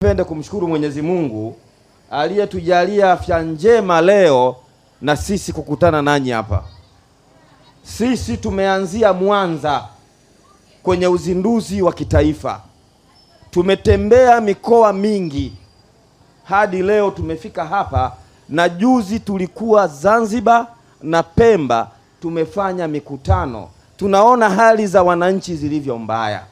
Pende kumshukuru Mwenyezi Mungu aliyetujalia afya njema leo na sisi kukutana nanyi hapa. Sisi tumeanzia Mwanza kwenye uzinduzi wa kitaifa, tumetembea mikoa mingi hadi leo tumefika hapa, na juzi tulikuwa Zanzibar na Pemba, tumefanya mikutano, tunaona hali za wananchi zilivyo mbaya.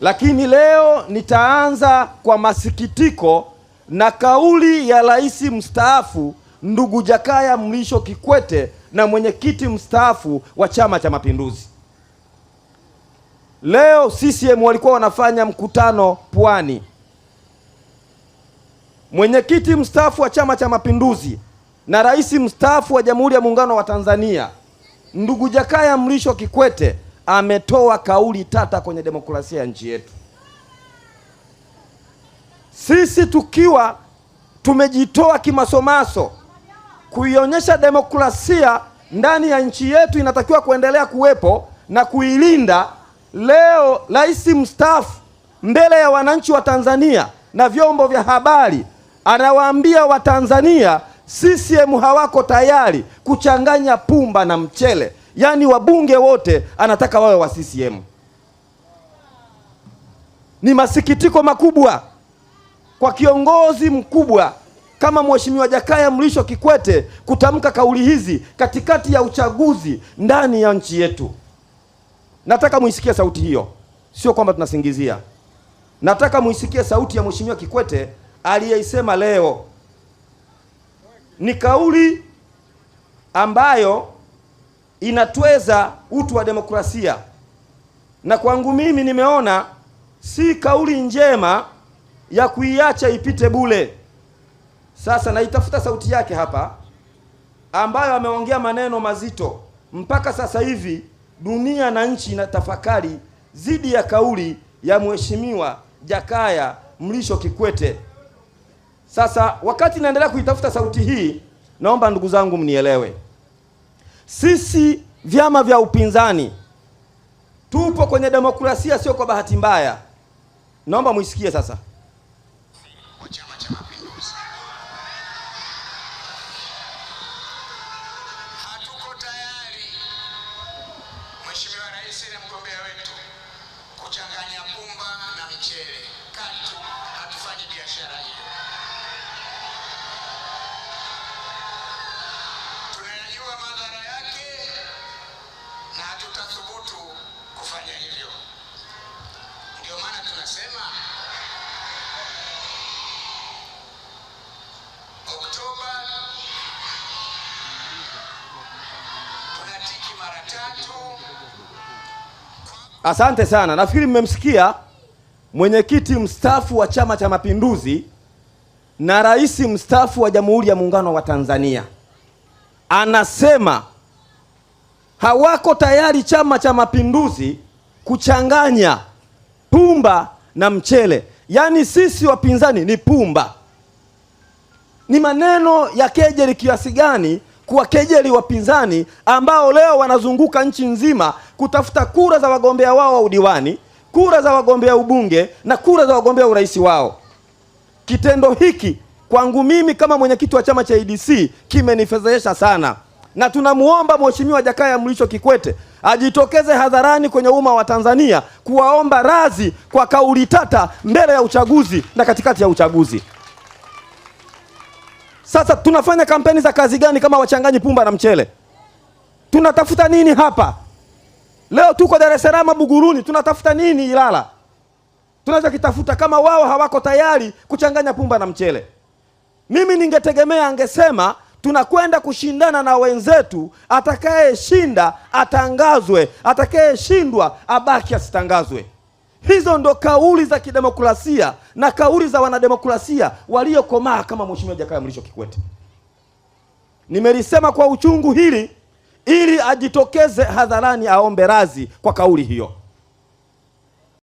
Lakini leo nitaanza kwa masikitiko na kauli ya rais mstaafu ndugu Jakaya Mrisho Kikwete na mwenyekiti mstaafu wa Chama cha Mapinduzi. Leo CCM walikuwa wanafanya mkutano Pwani. Mwenyekiti mstaafu wa Chama cha Mapinduzi na rais mstaafu wa Jamhuri ya Muungano wa Tanzania ndugu Jakaya Mrisho Kikwete ametoa kauli tata kwenye demokrasia ya nchi yetu. Sisi tukiwa tumejitoa kimasomaso kuionyesha demokrasia ndani ya nchi yetu inatakiwa kuendelea kuwepo na kuilinda. Leo rais mstaafu mbele ya wananchi wa Tanzania na vyombo vya habari anawaambia Watanzania CCM hawako tayari kuchanganya pumba na mchele yaani wabunge wote anataka wawe wa CCM. Ni masikitiko makubwa kwa kiongozi mkubwa kama Mheshimiwa Jakaya Mrisho Kikwete kutamka kauli hizi katikati ya uchaguzi ndani ya nchi yetu. Nataka muisikie sauti hiyo, sio kwamba tunasingizia. Nataka muisikie sauti ya Mheshimiwa Kikwete aliyeisema leo. Ni kauli ambayo inatweza utu wa demokrasia, na kwangu mimi nimeona si kauli njema ya kuiacha ipite bule. Sasa naitafuta sauti yake hapa, ambayo ameongea maneno mazito. Mpaka sasa hivi dunia na nchi inatafakari zidi ya kauli ya Mheshimiwa Jakaya Mlisho Kikwete. Sasa wakati naendelea kuitafuta sauti hii, naomba ndugu zangu mnielewe. Sisi vyama vya upinzani tupo kwenye demokrasia, sio kwa bahati mbaya. Naomba muisikie sasa. kuchanganya pumba na mchele katu, hatufanyi biashara hiyo. anasema Oktoba tunatiki mara tatu. Asante sana, nafikiri mmemsikia mwenyekiti mstaafu wa Chama cha Mapinduzi na rais mstaafu wa Jamhuri ya Muungano wa Tanzania anasema hawako tayari Chama cha Mapinduzi kuchanganya pumba na mchele, yaani sisi wapinzani ni pumba. Ni maneno ya kejeli kiasi gani kejeli wapinzani ambao leo wanazunguka nchi nzima kutafuta kura za wagombea wao wa udiwani, kura za wagombea ubunge na kura za wagombea urais wao. Kitendo hiki kwangu mimi kama mwenyekiti wa chama cha ADC kimenifedhehesha sana na tunamwomba Mheshimiwa Jakaya Mlisho Kikwete ajitokeze hadharani kwenye umma wa Tanzania kuwaomba radhi kwa kauli tata mbele ya uchaguzi na katikati ya uchaguzi. Sasa tunafanya kampeni za kazi gani kama wachanganyi pumba na mchele? Tunatafuta nini hapa? Leo tuko Dar es Salaam Buguruni, tunatafuta nini Ilala? Tunachokitafuta kama wao hawako tayari kuchanganya pumba na mchele. Mimi ningetegemea angesema tunakwenda kushindana na wenzetu. Atakayeshinda atangazwe, atakayeshindwa abaki asitangazwe. Hizo ndo kauli za kidemokrasia na kauli za wanademokrasia waliokomaa kama Mheshimiwa Jakaya Mrisho Kikwete. Nimelisema kwa uchungu hili ili ajitokeze hadharani aombe radhi kwa kauli hiyo.